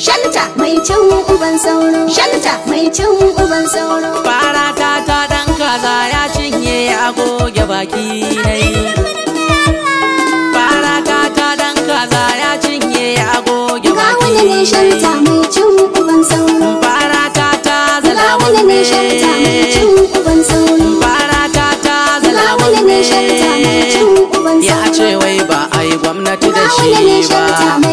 shanta mai cin uban sauro shanta mai cin uban sauro fara ta ta dan kaza ya cinye ya goge baki nai fara ta ta dan kaza ya cinye ya goge baki ga ne shanta mai cin uban sauro fara ta ta zala wani ne shanta mai cin uban sauro fara ta ta zala wani ne shanta mai uban sauro ya ce wai ba ai gwamnati da shi ba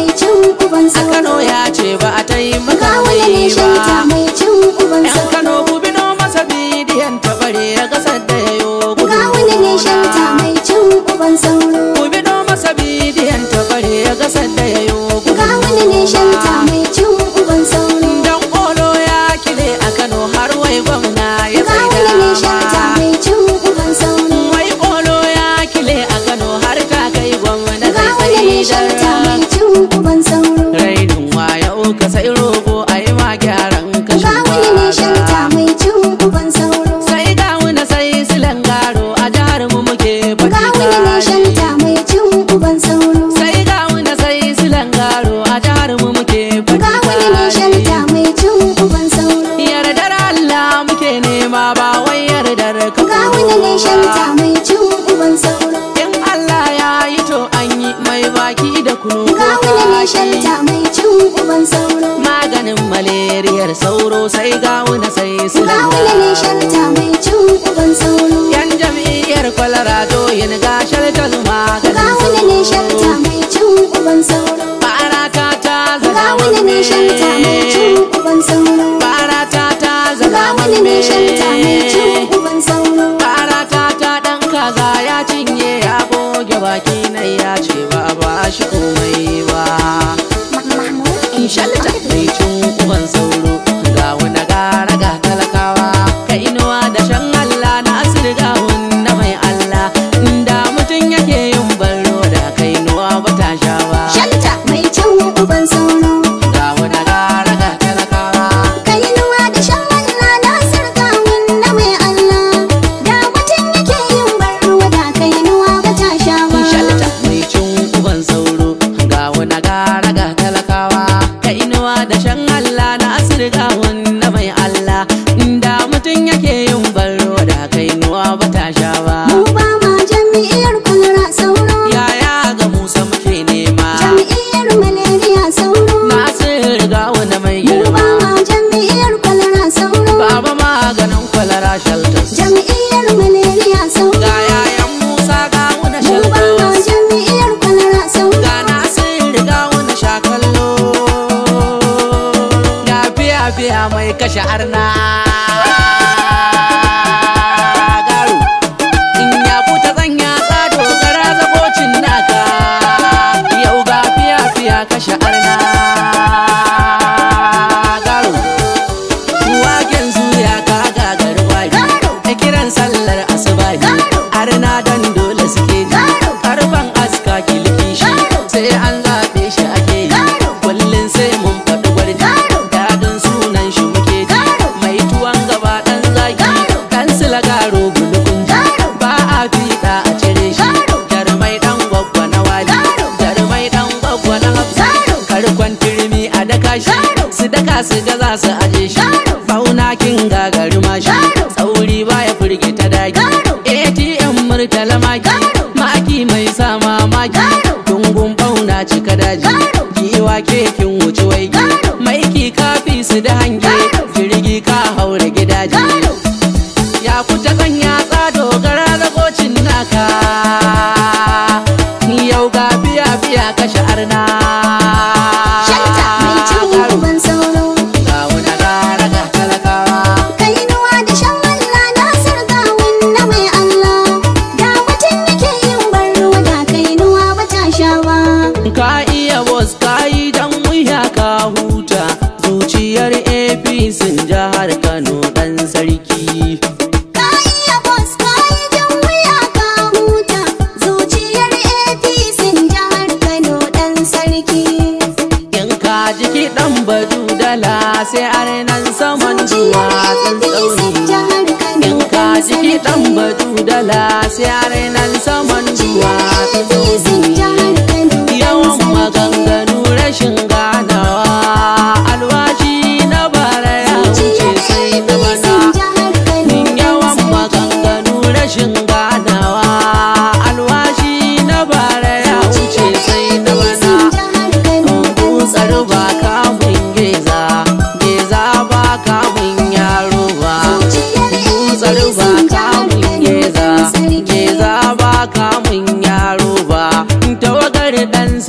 kuno ga wani ne shalta mai cin uban sauro maganin malariyar sauro sai ga wani sai su ga wani ne shalta mai cin uban sauro yan jami'ar kwalara yin ga shaltar maganin shi komai ba. Mahmud, riga wanda mai Allah inda mutum yake kashe arna su aje shi fauna kin gagari mashi sauri baya furge ta daki atm murtala maki maki mai sama maki dungun fauna cika daji giwa kekin wuce waiki maiki kafi su da hange jirgi ka haura gidaje ya ku sai arnan saman zuwa tsantsauni in ka ji kiɗan batu dala sai nan saman zuwa tsantsauni tawagar ɗansa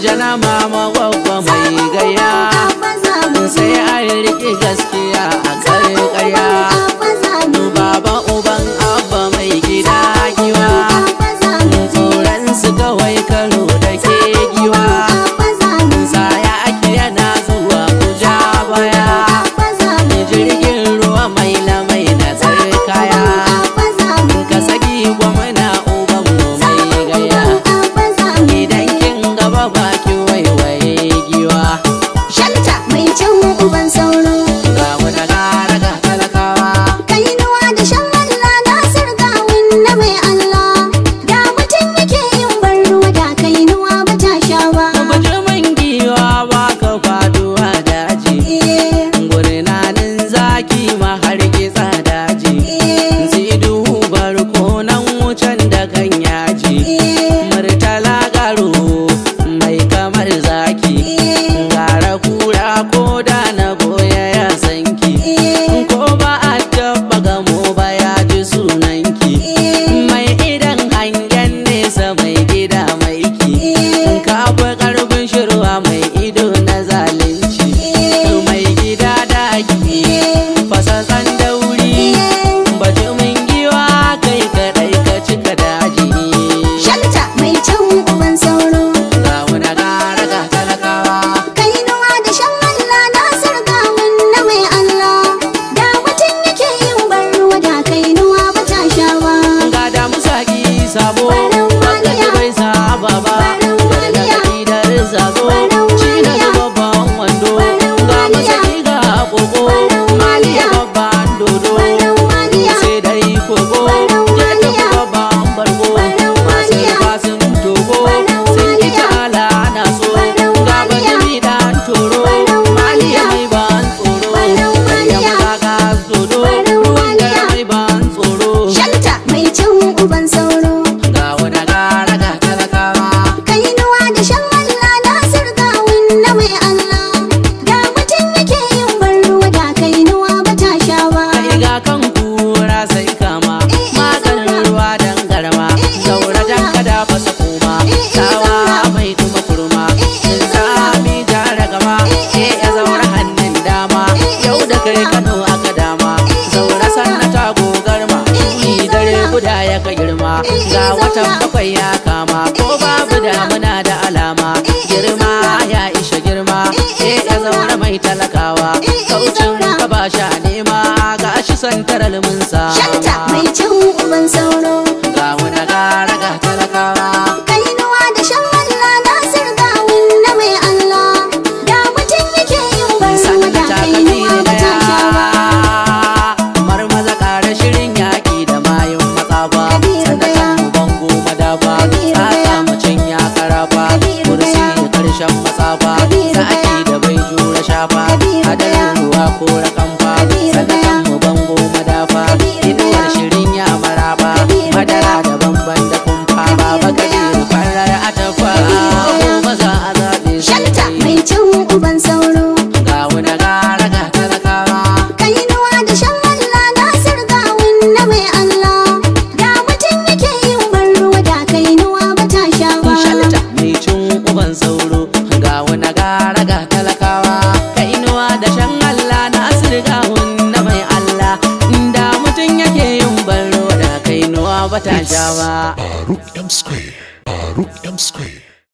jana mama gwagwa mai gaya sai an riƙe gaskiya a kare ƙarya bai ya kama ko babu damuna da alama girma ya isha girma sai eh, ya zaura mai talakawa kaucin ka ba ne. ¡Gracias!